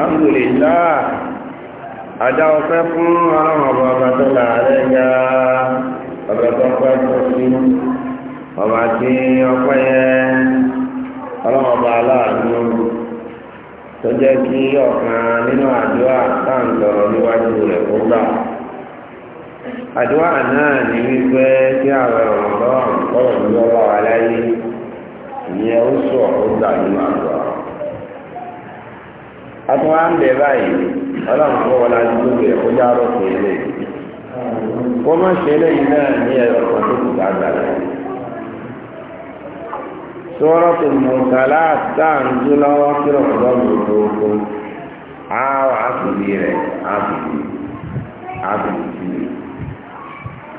alhamdulillah àdá ọpẹ́ fún ọlọ́run ọba ọba tó láàárẹ̀ ga ọba tó pẹ́ tó sí ọba tí ọpẹ́ yẹn ọlọ́run ọba aláàánú tó jẹ́ kí ọ̀kan nínú àdúrà táǹtọ̀rọ̀ níwájú rẹ̀ kó gbà àdúrà náà ní wípé kí àwọn ọ̀rọ̀ náà kọ̀rọ̀ ní ọba wa láyé ìyẹn ó sọ ọ̀rọ̀ gbà nínú àdúrà atún á ń bẹ̀ báyìí ọlọ́run kọ́ wọlé adúgbò rẹ̀ kó já rọ̀ sí ilé kó má ṣe eléyìí náà ní ẹ̀rọ kan tó kù gbàgbà rẹ̀. sọ́rọ́ tó mú kálá tá à ń dún lọ́wọ́ kí ọ̀dọ́ mi tó kó á wà á sì bí sí i.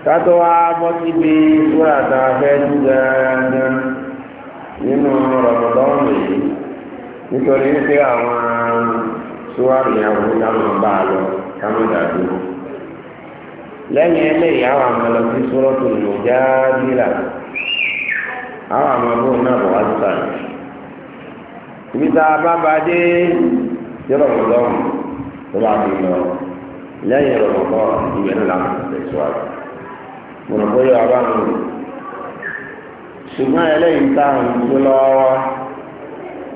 kátó wá bọ́ síbi súrà tá a fẹ́ dúdú dáadáa nínú rọ̀mọdọ́ọ̀nù yìí nítorí wípé àwọn síwájú àwọn ìdáhùn bá a lọ káwọn dàbí wọn. lẹ́yìn eléyìí àwọn àmọ́ lọ sí sọ́rọ́tò Mujadila àwọn àmọ́ bóun náà bọ̀ wá síta rẹ̀. ibi tá a bá ba dé yọ̀rọ̀ mọ̀lọ́mù tó bá fi lọ lẹ́yìn ìrọ̀lọ́kọ́ ìgbẹ́ ńlá tẹ̀síwájú. mọ̀nà bóyá a ṣùgbọ́n eléyìí tá à ń lọ́wọ́.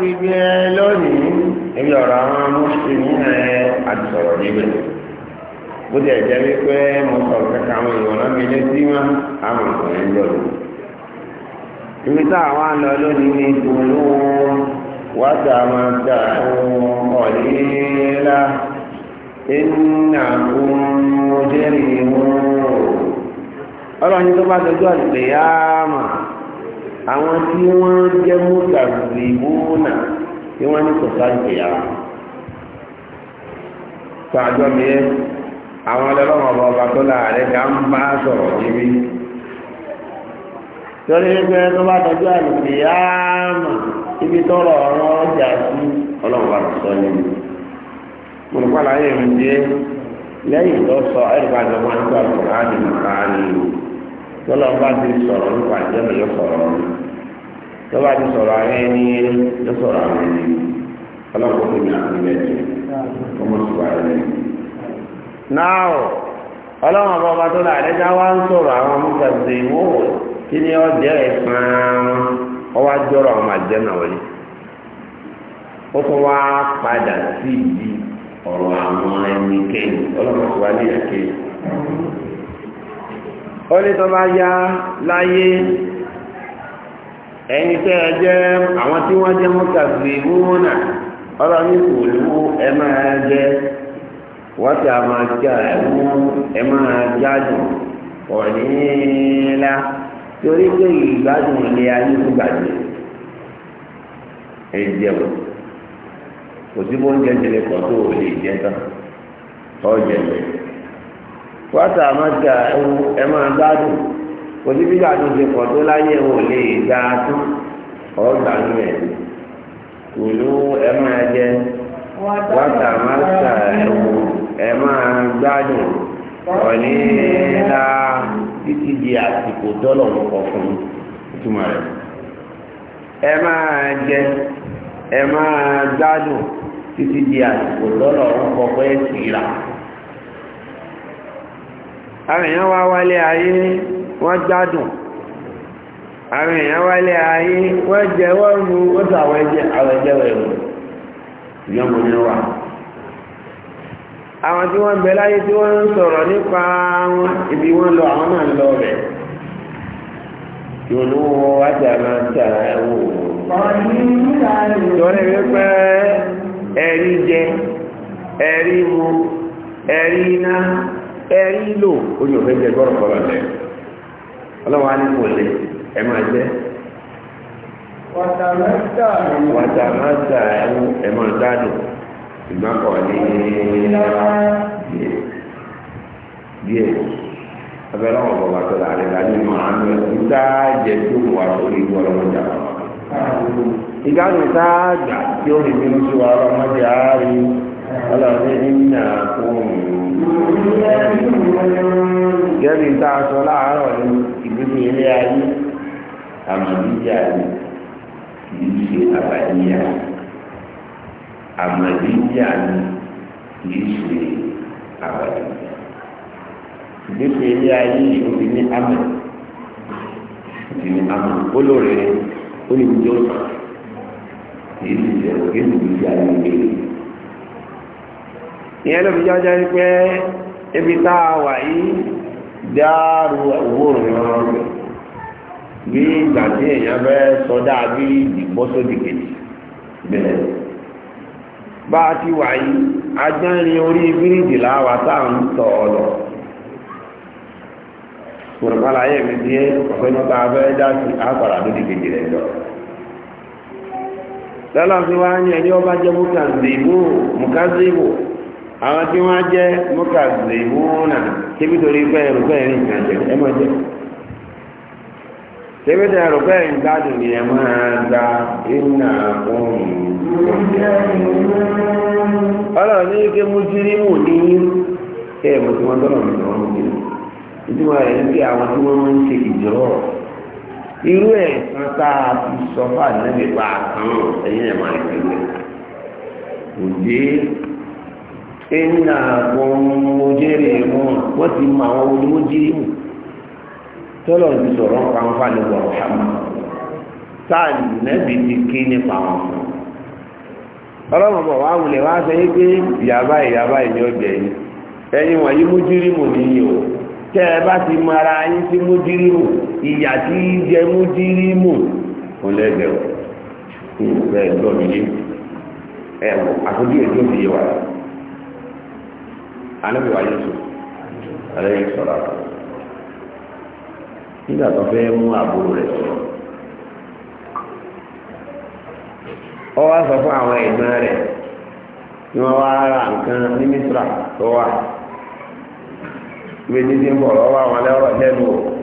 ti gbé ẹ lónìí níbi ọ̀rọ̀ àwọn mùsùlùmí ẹ àdìsọ̀rọ̀ níbẹ̀ bó ti ẹ̀jẹ̀ wípé mo sọ̀rọ̀ kẹ́kẹ́ àwọn èèyàn náà mi létí wọn àwọn ọ̀sán ń jọ ibi tá àwọn àlọ́ lónìí ní ìpolówó wáṣà máa dà ọ̀lẹ́lá iná kúmọ́jẹ́rì ọlọ́run tó bá tọ́jú àdìgbèyàmà. àwọn tí wọ́n jẹ́ mọ́tà na tí wọ́n ní sọ̀tà ìgbéyà tó àjọ mi yẹ àwọn ọlọ́wọ́ ọba ọba tó láàárẹ̀ ká ń bá sọ̀rọ̀ ibe torí pé tó bá ibi tọrọ ọ̀rọ̀ ọjà sí sọ níbi mo mi lẹ́yìn tó sọ ẹ̀rọ ní tọ́lọ́ bá ti sọ̀rọ̀ nípa ìjọba yóò sọ̀rọ̀ ti sọ̀rọ̀ yóò sọ̀rọ̀ àwọn tó ní àkúrẹ́ ọmọ ya rẹ̀. náà ọba tó lọ àdẹ́já wá ń sọ̀rọ̀ àwọn kí ni ọ jẹ́ ọwọ́ àwọn wọlé ó tún wá padà sí ọ̀rọ̀ àwọn ẹnikẹ́ni ó ní ya bá yá láyé ẹni tẹ́ àwọn tí wọ́n jẹ́ mọ́ta gbé wúwọ́nà ọlọ́ni kò lówó ẹ máa jẹ́ wọ́n ti àmà kí ẹ̀mú ẹ máa jáàdùn ọ̀nìyànlá torí pé ìgbádùn ilé ayé tó ẹ jẹun kò sí bó ń Wata àmàjà ewu ẹ̀ máa gbádùn kò ṣe pọ̀ tó láyé wò lè dá a tún ọ̀gbà nù ẹ̀ di àsìkò dọ́lọ̀ ọ̀pọ̀ ìtumọ̀ rẹ̀ ẹ di àsìkò dọ́lọ̀ ọ̀pọ̀ fún ẹ̀sìn àwọn èèyàn wá wálé ayé wọ́n jádùn àwọn wálé ayé wọ́n jẹ wọ́n mú wọ́n sọ àwọn ẹjẹ́ àwọn ẹjẹ́ wà àwọn tí wọ́n bẹ tí wọ́n ń sọ̀rọ̀ nípa ibi wọ́n lọ àwọn náà lọ ń ẹ̀rí jẹ ẹ̀rí lò ó ní òfin jẹ gbọ́rọ̀ kọ́lọ̀ lẹ̀ ọlọ́wọ́ á ní kò lè ẹ máa jẹ́ wàtàmátà ẹ máa dádùn ìgbọ́n kọ̀ ní díẹ̀ abẹ́rẹ́ wọn bọ̀ bàtọ́ láàrin láti mọ àánú ẹ̀sìn táàjẹ tó wà lórí ikú ọlọ́mọdé àwọn ìgbàlù táàjà tí ó lè bínú sí wa ọlọ́mọdé àárín ọlọ́mọdé nínú àkóhùn gẹ́bí tá a sọ láàárọ̀ ní ìdílé ilé ayé àmàlíyà ni kì í ṣe àbàlíyà àmàlíyà ni kì í ṣe àbàlíyà ìdílé ilé ayé yìí ó ti ní àmà ti ní àmà olóore ó ní ìjọ sàn kì í ṣe ìjọ kì í ṣe ìjọ ayé ìgbéyìí. ìyẹn ló fi jọ́jọ́ wípé ibi tá a wà yìí dáàrú òwúrò ni wọ́n bí ìgbà tí èèyàn fẹ́ sọdá bá a ti wà yìí agbẹ́rin orí bíríìjì láwa tá à ń tọ̀ ọ lọ mi ti yé ọ̀fẹ́ nípa abẹ́rẹ́ dá sí àpàrà lódì kejì rẹ̀ lọ àwọn tí wọ́n jẹ́ mọ́kàzì wúnà síbi torí pé ẹrùpẹ́ ẹ̀rìn ìgbà jẹ ẹ mọ́ jẹ síbi tí ẹrùpẹ́ ẹ̀rìn gbádùn ni ẹ máa gba iná ohun ọlọ́run ní ike mú jírí mù ní kẹ́ ẹ̀mọ́ tí wọ́n tọ́lọ̀ nínú ọmọ mi ìdíwọ̀ rẹ̀ ní bí irú ẹ̀sán tá a fi sọ pa àkàn ẹ̀yìn ẹ̀ máa òjé ẹ̀yìnà gbọmọdéré wọn wọ́n ti mọ àwọn onímọ̀déré mu tọ́lọ̀ ti sọ̀rọ̀ ń pa ń fa lọ́wọ́ ọ̀hánà táà nẹ́bi ti kí nípa wọn fún ọlọ́run wá wulẹ̀ wá yí pé ìyàbá ìyàbá ìní yìí wọ̀nyí nìyí o tẹ́ ẹ bá ti mara yín sí ìyà tí jẹ kò lẹ́gbẹ̀ẹ́ o ìgbẹ́ mi yé ẹ̀wọ̀ mi yé wa. anábì wa Yusuf alayhi sọ̀rọ̀ àtọ̀ nígbà tó fẹ́ mú àbúrò rẹ̀ sọ̀rọ̀ ọ sọ fún àwọn ẹ̀gbọ́n rẹ̀ ni wọ́n wá ra nǹkan ní tó wà ìwé ní ti ń bọ̀ lọ́wọ́ àwọn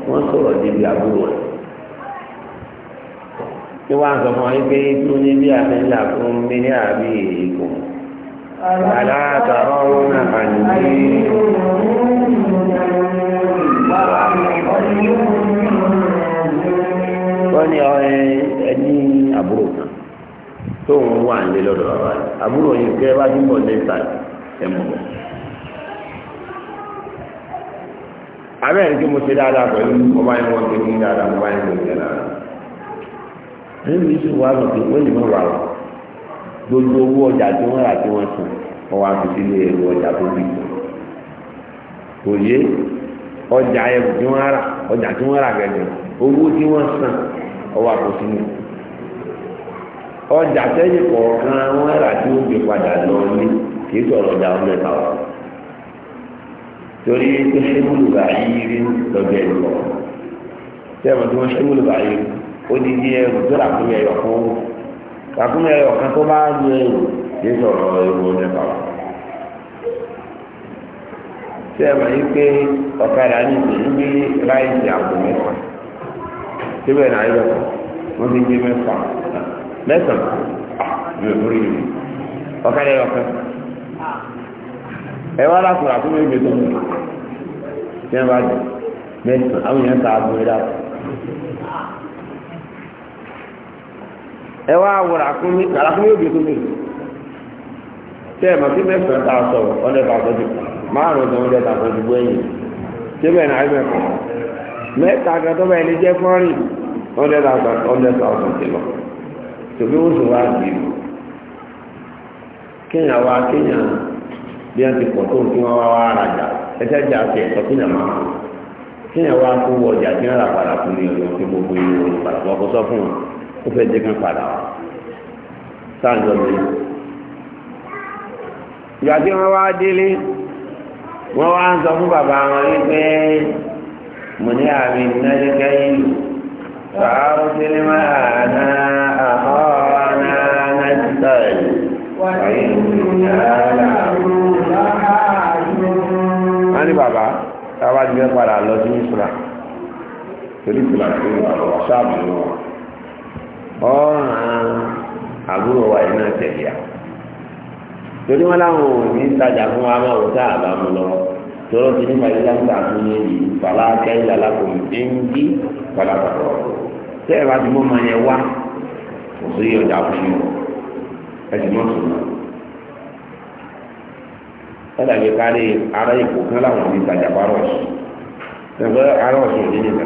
wọ́n sọ̀rọ̀ débi àbúrò rẹ̀ tí wọ́n sọ fún wọn pé tó ní bí ألا ترون أني wọ́n ní ẹni àbúrò kan tó ń wà nílé lọ́dọ̀ bàbá rẹ̀ àbúrò yìí kẹ́ wájú bọ̀ bọ̀. mo ṣe dáadáa pẹ̀lú ọba yẹn wọ́n ti ní gbogbo owó ọjà tí wọ́n rà tí wọn sùn wá fi ọjà tó bí ọjà ẹrù tí wọ́n rà ọjà tí wọn rà owó tí wọ́n sàn wá ọjà rà tí padà lọ ní kì í ọjà torí yìí rí lọ́jọ́ tí wọ́n ṣẹ́múlùbà yìí ó ràkúnmí ẹyọ ọ̀kan tó bá lu ẹrù yìí sọ̀rọ̀ ewu nípa wọn. tí ẹ mọ̀ yí pé ọ̀kadà ní ìsìn ń bí ráìsì àpò mẹ́fà síbẹ̀ náà yọ̀ wọ́n ti gbé mẹ́fà mẹ́sàn-án yóò lórí yìí ọ̀kadà ẹyọ ọ̀kan ẹ wá láti ràkúnmí ẹgbẹ́ tó ń bọ̀ tí ẹ bá dùn mẹ́sàn-án àwọn yẹn ta àbúrò dáa. ẹ wá wọ ràkúnmí ràkúnmí yóò gbé tóbi tẹ ẹ màtí mẹsàn-án ta sọ ọdẹ bàtọ́jú márùn tó ń dẹ bàtọ́jú gbẹ̀yìn tẹ́bẹ̀ náà ẹgbẹ́ kan mẹ́ta kan tó bẹ́ẹ̀ ní jẹ́ fọ́nrì ọdẹ bàtọ́jú ọdẹ sọ̀tún ti lọ tòbí ó sì wá jì í kéèyàn wá kéèyàn bí wọ́n ti tó kí wá wá jà sí máa kéèyàn wá kó wọ ọjà ó fẹ́ jẹ́ kan padà wá sáàjọ mi. ìgbà tí wọ́n wá délé wọ́n wá ń sọ fún bàbá wọn wípé mo ní àmì náírà kẹ́yìn sàárò sílẹ̀ máa ná àhọ́ ọ̀nà náírà wọ́n ní bàbá táwa ti padà lọ sí ìṣúra torí ìṣúra tó ń bàbá wà sáàbù lọ́wọ́ ọ̀ràn àbúrò wa yìí náà tẹ̀lé à torí wọn láwọn ò ní tajà fún wa máa wò tá a bá mu lọ tọrọ ti ní bàyí láǹtà fún yẹn yìí fàlà kẹ́hìnlá lápò ẹ̀ńdí padà bàbọ̀ tẹ́ ẹ bá ti mọ́ máa yẹ wá kò sí ọjà fún yìí ẹ ti mọ́ sùn náà ẹ̀dàgbé kárí ara ìkó láwọn ò tajà bá rọ̀ sùn ẹ̀gbẹ́ ara ọ̀sùn ní ìgbà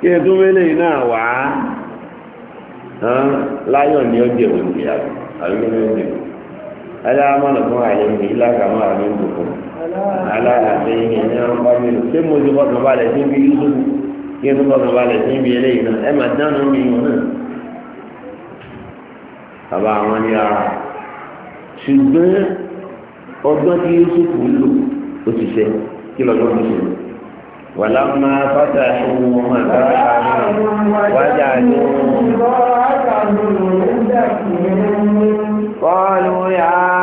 kí ẹ tún mẹ́lẹ̀ náà wá láyọ̀ ni ó jẹ́ òun ìyá àlùmí ó jẹ́ aláàmọ́nà fún àyè mi ìlàkàmọ́ àmì ń dùn fún aláàbẹ̀ yìí ní àwọn bá mi lò ṣé mo ti fọkàn balẹ̀ sí ibi yusuf kí ẹ tún fọkàn balẹ̀ sí ibi eléyìí náà ẹ máa dáná mi wọn náà bàbá àwọn ní ara ṣùgbọ́n ọgbọ́n tí yusuf lò ó ti ṣe kí lọ́jọ́ mi ṣe lò. ولما فتحوا متاعهم وجعلوا قالوا يا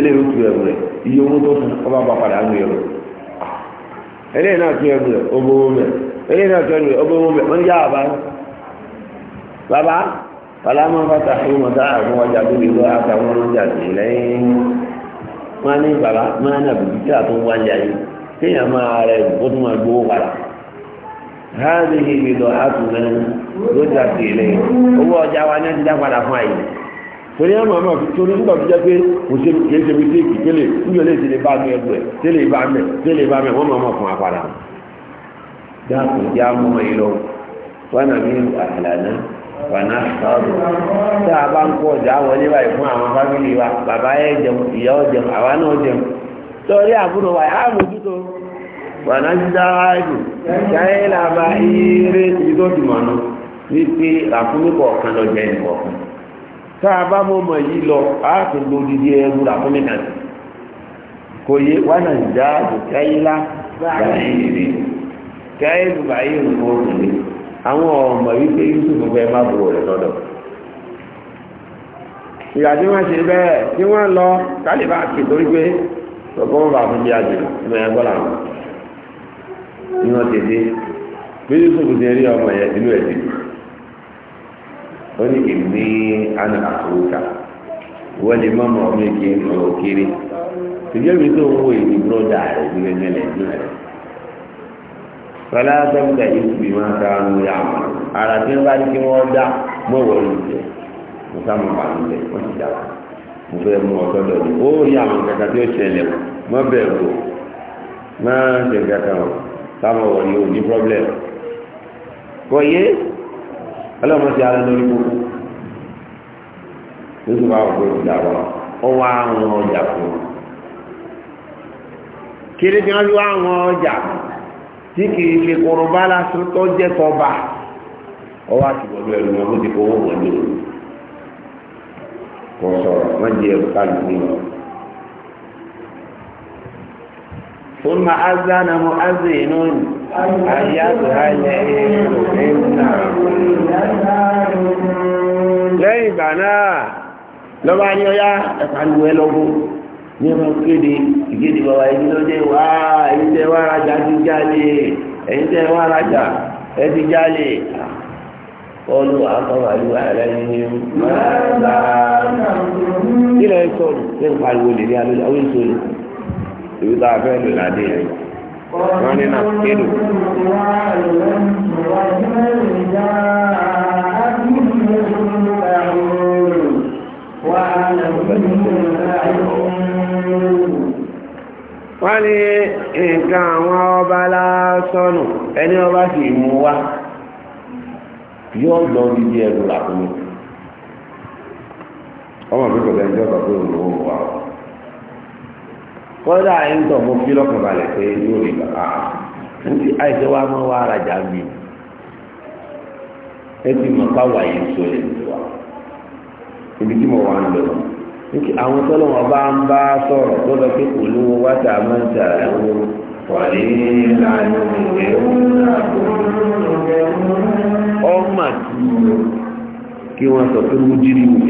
eléyìí tu ẹrù rẹ̀ iye owó tó fún ọba bá padà nù ẹrù eléyìí náà tu ẹrù rẹ̀ ọgbọ owó mẹ eléyìí náà tu ẹrù rẹ̀ ọgbọ owó mẹ wọn yá àbá bàbá bàlámà fata fún wọn tá àwọn ọjà tó lè lọ àtàwọn ọjà sí lẹ́yìn wọn ní bàbá máa nà bìbítà tó wáyé ayé kéèyàn máa rẹ kó tó máa gbowó padà hàbíyí bìlọ àtúnmẹ lójà sí lẹ́yìn owó ọjà wa ní ọjà padà fún àyè. torí àwọn àmọ́ àfi torí nígbà tó jẹ́ pé kò ṣe kìí ṣe mistake tẹ́lẹ̀ níjọ lè ṣẹlẹ̀ bá mi ẹgbẹ́ ya bá mi ya bá mi wọ́n máa fún wa padà. dáàbò àmọ́ wọn àmì àlànà tá a bá ń kó ọjà wọlé báyìí fún àwọn fámìlì wa bàbá jẹun ìyá àwa náà jẹun torí àbúrò wa tá a bá mọ̀mọ̀ yìí lọ a ti lo didi ẹrù rà fún mi kan kò yé wánà ìjà àdùkáyílá báyìí rè báyìí rè fún òkùnrin àwọn ọmọ wípé Yusuf fẹ́ má bọ̀ rẹ̀ lọ́dọ̀ ìyá tí wọ́n ṣe bẹ́ẹ̀ tí wọ́n lọ kálíbà kì torí pé bá fún bí ní ni wọ́n ti dé bí Yusuf ó ní ìní àná àkókà wọ́n lè má mọ̀ mí kí n ọ̀rọ̀ kiri tìjọ́ mi tó ń wo ìní búrọ́dà rẹ̀ ní gẹ́gẹ́lẹ̀ ní rẹ̀ sọlá sọ́kùtà yìí fi máa ta ọ̀nù yà mọ̀ ara tí wọ́n bá ní kí wọ́n dá mọ́wọ́ ní jẹ́ mo sá mọ̀ bá ní jẹ́ wọ́n ti dà wá mo fẹ́ mú ọ̀tọ́ dọ̀ ní ó rí kẹta tí ó ṣẹlẹ̀ mọ́ bẹ̀rù o máa ń ṣe kẹta o sáwọn wọ̀ ni o ní pọ́blẹ̀mù kò ọlọ́run ti si lórí n'olu gbogbo ìdàrọ́ ọwọ́ àwọn ọjà fún un kiri tí wọ́n fi wá àwọn ọjà tí di ma àyàtúhálẹ̀ ìrìnà lẹ́yìn ìgbà náà lọ́wọ́ ní ọyá ẹ̀pàlùwẹ̀ ẹlọ́gún ní ọmọ kéde ìkéde bàbá ẹni lóde wá ẹni tẹ́ wá rajà ti jáde ẹni tẹ́ wá rajà ẹ ti jáde ọlú àkọwàlú àlẹ́yìn mọ́lá ilẹ̀ sọ̀rọ̀ ní ìpàlùwẹ̀ lè rí alójú a running at scale. wọ́n ní nǹkan àwọn ọba lásánù ẹni ọba sì mú wá yóò lọ dídí ẹrù làkúnmí ọmọ mi kò lẹ́yìn tí ọba pé òun ló wà kọ́dà ń tọ̀ mọ́ fi pé yóò rí bàbá àti ah, àìsẹ́ wa máa wá arajà mi ẹ ti mọ̀ káwà yìí sọ lè wà ibi tí mo wà ń lọ nítorí àwọn tọ́lọ̀ wọn bá ń bá sọ̀rọ̀ tó lọ pé kò lówó wáta ń tà ọmọ kí wọ́n sọ pé mo jírí mi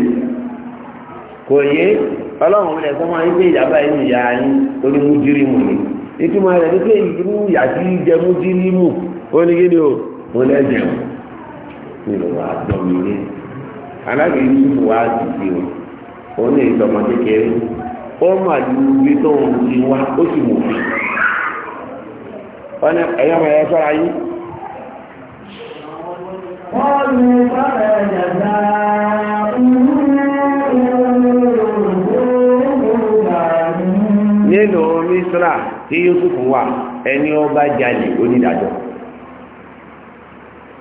kò yé ọlọ́run ilẹ̀ sọ́mọ́ yín pé ìyàbá yín ìyá yín torí mú jírí mù ní ìtumọ̀ rẹ̀ ní pé irú ìyá tí ń jẹ mú jírí mù ó ní kíni o mo lẹ́jẹ̀ o mi ló wà gbọ́ mi ní alágbèé yusuf wá dìde o ó ní ìtọ́mọ kékeré ó mà ju ibi tó ń ti wá ó sì mú fi wọ́n ní ẹ̀yọ́ mọ̀ ẹ̀ yín. wọ́n ní bàbá ẹ̀jẹ̀ dáa nínú mísírà tí Yusuf wà ẹni ọba jalè onídàájọ́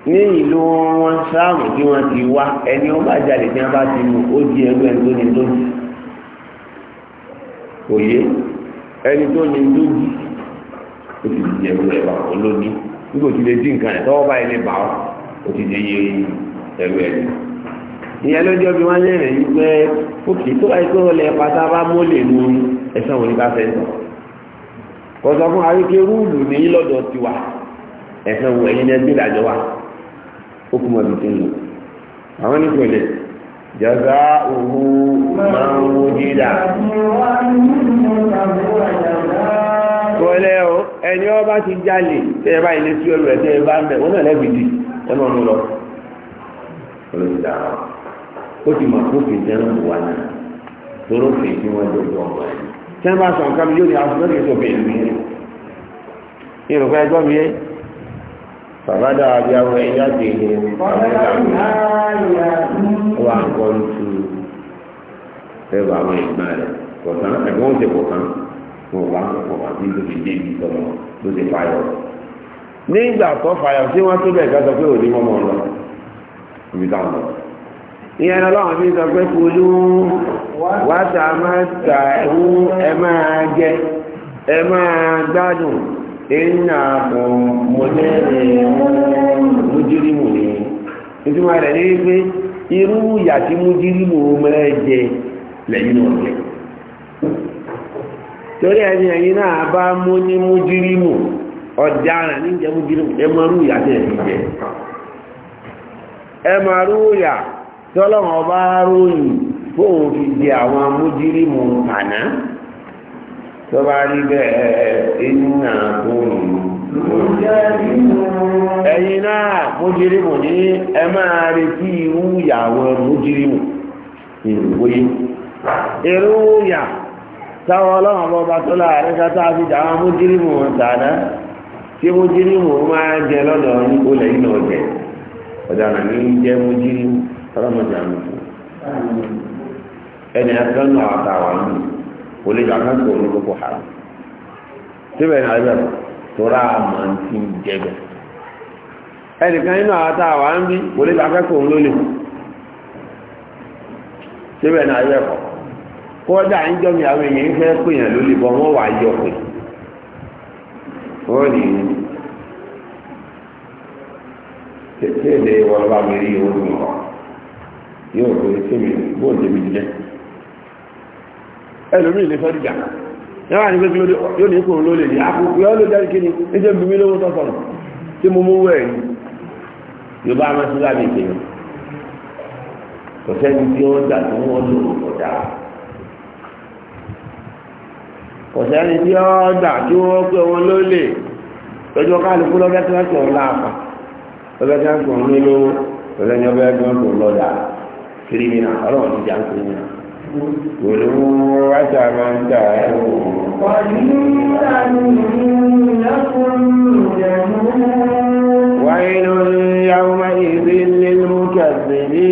ní ìlú wọn sáàmù tí wọ́n ti wá ẹni ọba jalè tí wọ́n bá ti mú ó di ẹrú ẹni tó ní tó jì òye ẹni tó ní tó jì ó ti di ẹrú ẹ̀bà olóní nígbà tí lè dín nǹkan ẹ̀ tọ́wọ́ báyìí lè bà ọ́ ó ti di ẹrú ẹni ìyẹn lójó bí wọ́n lè rìn yí pé ó kì í tó àìkúrò lẹ́ẹ̀pátá bá mólè lóyún. ẹ̀sán òní bá fẹ́ sọ kọsọ fún aríkẹ́ rúùlù ní lọ́dọ̀ ẹ̀sán ẹgbẹ́ wa ó kú mọ̀ tuntun lọ àwọn jàzá òhun máa ń wo o ẹni ọba ti jalè tẹ́ ẹ bá ilé ọlù ẹ̀ tẹ́ ẹ bá ń bẹ̀ wọ́n náà lẹ́bi dì ẹnu ọ̀nù lọ ó ti mọ̀ fún fìdí ẹnu wà náà tí bá sọ nǹkan yóò ní àfúnlẹ́ ètò bẹ̀rẹ̀ mi ìrùkọ ẹgbọ́n mi yé bàbádà àbí ẹ̀yà tèèrè wà ń kọ́ ń tu ẹwà àwọn ìgbà rẹ̀ kọ̀tán ẹ̀gbọ́n ti wọn wà ń kọ̀ ìyẹn lọ́wọ́ mi sọ pé kulú wàtà máa tà ẹ máa jẹ ẹ máa gbádùn iná àpò mọ̀lẹ́rẹ̀ mújírímù ni ìtumọ̀ rẹ̀ ní wípé irú ìyà tí mújírímù mẹ́rẹ̀ jẹ lẹ́yìn náà jẹ torí ẹni ẹ̀yìn náà bá mú ní mújírímù ọ̀daràn ní mújírímù ẹ máa rú ìyà tí ẹ̀yìn jẹ ẹ tọ́lọ́wọ́n bá ròyìn fóun fi di àwọn amójírímù àná tó bá rí bẹ́ẹ̀ inú náà tó rùn náà ní ẹ máa retí irú ìyàwó mójírímù ìròyìn irú ìyà táwọn ọlọ́wọ́n ọba tó láàrin kátà fi dà àwọn tàná tí máa jẹ lọ́dọ̀ ní olè ọlọ́mọdé àmì fún ẹni ẹgbẹ́ náà nnọọ ní kò lè gbàgbọ́ kò ní gbogbo ha síbẹ̀ náà ẹgbẹ́ tóra àmọ́ ti ń jẹbẹ̀ ẹnìkan nínú àtàwà bí kò lè gbàgbọ́ kò ní lè síbẹ̀ náà ẹgbẹ́ kọ̀ kọ́dà ń jọ́ mi àwọn èèyàn fẹ́ pè lólè bọ́ wọ́n wà yóò rò ó kéwì bóò débi jẹ ẹlòmíì lè fẹ́ dìjà yàrá ní pé yóò ní kúrò ló lè ní àkókò yóò lè jẹ́ kí ni níjẹ́ bí mi lówó tó sọ̀rọ̀ tí mo mú wẹ̀ ní yorùbá amásílá mi kéwì kò sẹ́ni tí wọ́n gbà tí wọ́n lò ó kọjá kò sẹ́ni tí wọ́n gbà tí wọ́n pé wọn ló lè lọ́jọ́ kálukú lọ́gẹ́tì wọn kì í ọ̀la àpà lọ́gẹ́tì wọn kì í lówó lọ́dà kírímìnà ọlọ́run ti jà ń kírímìnà. Olú wáṣà máa ń dà ẹ́ o. Wáyé lórí yàwó máa ń rí lílú kẹsìlí.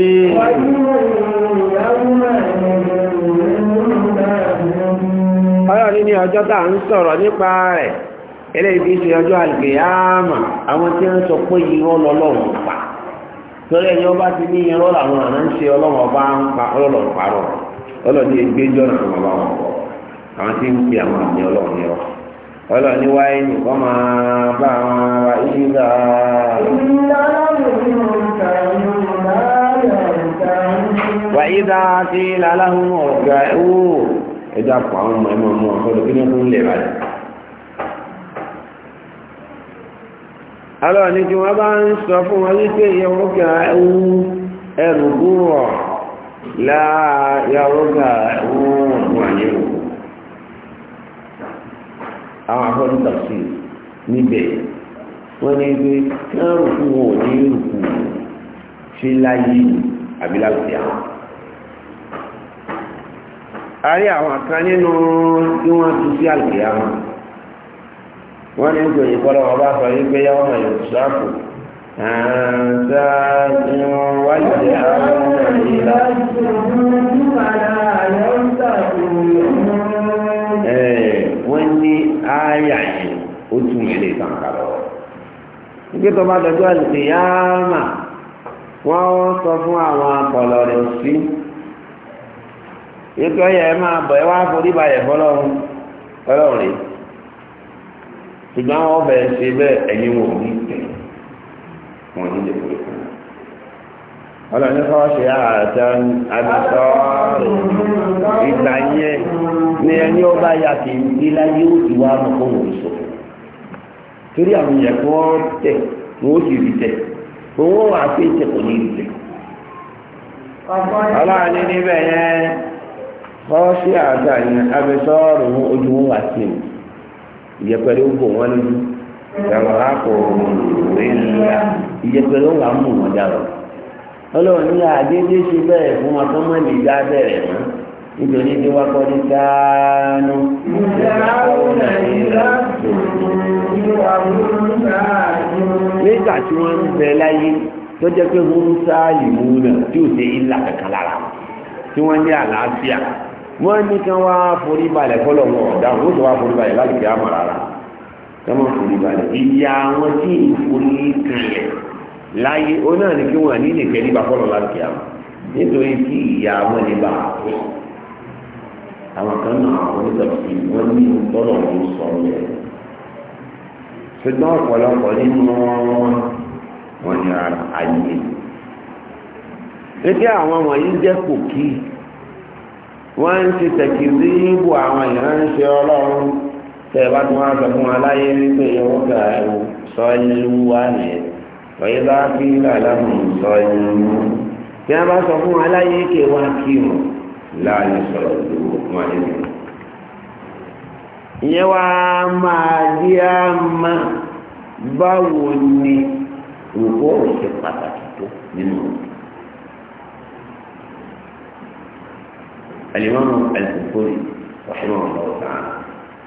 Ọlọ́run ní ọjọ́ tá à ń sọ̀rọ̀ nípa rẹ̀. Eléyìí fi ṣe ọjọ́ àlùkìyáámà àwọn tí wọ́n sọ pé irọ́ lọ́lọ́run pa torí ẹni ọba ti ní irọ́ làwọn àná ń ṣe ọlọ́wọ́ bá ń pa ọlọ́lọ́ parọ́ ọlọ́ni ẹgbẹ́jọ́ náà wọn bá wọn bọ̀ àwọn tí ń fi àwọn àmì ọlọ́ọ̀ni ọ ọlọ́ni wáyé nìkan máa bá wọn wá ìlà. wàyídá ti làlàhùn ọ̀gá ẹ̀wò ẹ̀dá pa àwọn ọmọ ẹ̀mọ́ ọmọ ọ̀sọ́dọ̀ kí ni ó ń lè báyìí. alọ́wà ní tí wọ́n bá ń sọ fún wọn wípé yọrọ́gà ẹrù gúrọ̀ láàyọrọ́gà wọ̀nyẹ̀rù àwọn afọ́dún tàbí níbẹ̀ wọ́n ní pé káàrù fún wọn ò ní rùkù ṣe láyé àbíláwùsí àwọn a àwọn kan tí wọ́n tún sí àlùkè àwọn wọ́n ní nítorí ìpọ́lọ́ wọn bá sọ wípé yá ọmọ ndị sáàpù àtàkùn wáyé àwọn ìlà wọ́n ní ááyà yìí ó tún yẹn lè tàn kálọ̀ tó bá dọ̀jú àlùkè yáàmà wọ́n sọ fún àwọn akọ̀lọ̀ rẹ̀ sí ètò ẹ̀yà ẹ̀ máa bọ̀ ẹ̀ wá forí balẹ̀ fọlọ́run fọlọ́run ṣùgbọ́n àwọn ọbẹ̀ ṣe bẹ́ ẹ̀yin wò ní tẹ̀ wọ́n ní lèkùn lèkùn ọlọ́ni kọ́ ṣe àtẹ àbísọ́ ìgbà yẹn ní ẹni ó bá ya kì í láyé ó ti wá yẹn ìyẹpẹrẹ ó bò wọn lójú ìyàwó àpò ìrìnlá ìyẹpẹrẹ ó wà mú wọn dàrú ọlọ́run ní àdéhùn ṣe bẹ́ẹ̀ fún wọn tó mọ̀ nígbà bẹ̀rẹ̀ mọ́ nítorí tí wọ́n kọ́ ní sáánú. nígbà tí wọ́n ń bẹ láyé tó jẹ́ pé wọ́n ń sáàlì mú náà tí ò ṣe ìlà kankan lára tí wọ́n ní àlàáfíà wọ́n ní kí wọ́n á forí balẹ̀ kọ́lọ̀ wọn ọ̀dà wọ́n tó wá forí balẹ̀ láti fi àmà rárá kí wọ́n forí balẹ̀ ìyá wọn tí ìforí kalẹ̀ láyé ó náà ní kí wọ́n ní lè tẹ̀lé bá kọ́lọ̀ láti fi àmà nítorí kí ìyá wọn lè bá àwọn kan náà àwọn oníṣẹ́bí wọ́n ní tọ́lọ̀ wọn sọ ọ́lẹ̀ ṣùgbọ́n ọ̀pọ̀lọpọ̀ nínú wọn ni àyè. Ṣé kí àwọn wọ̀nyí jẹ́ kòkí? wọ́n ń ṣe tẹ̀kìrì ìbò àwọn ìránṣẹ́ ọlọ́run tẹ́ ẹ bá tún wá sọ fún wa láyé wípé ìyẹ̀wò kà ẹ̀wò sọ ìlú wa nìyẹn ọ̀yẹ́ bá kí làlámù sọ ìlú tí wọ́n bá sọ fún wa láyé kí wá kí mọ̀ láàyè sọ̀rọ̀ ìlú wọn nìyẹn. ìyẹn wá máa dí á má báwo ni òkú òṣè pàtàkì tó nínú òkú. alimami alikufori rahima allah ta'ala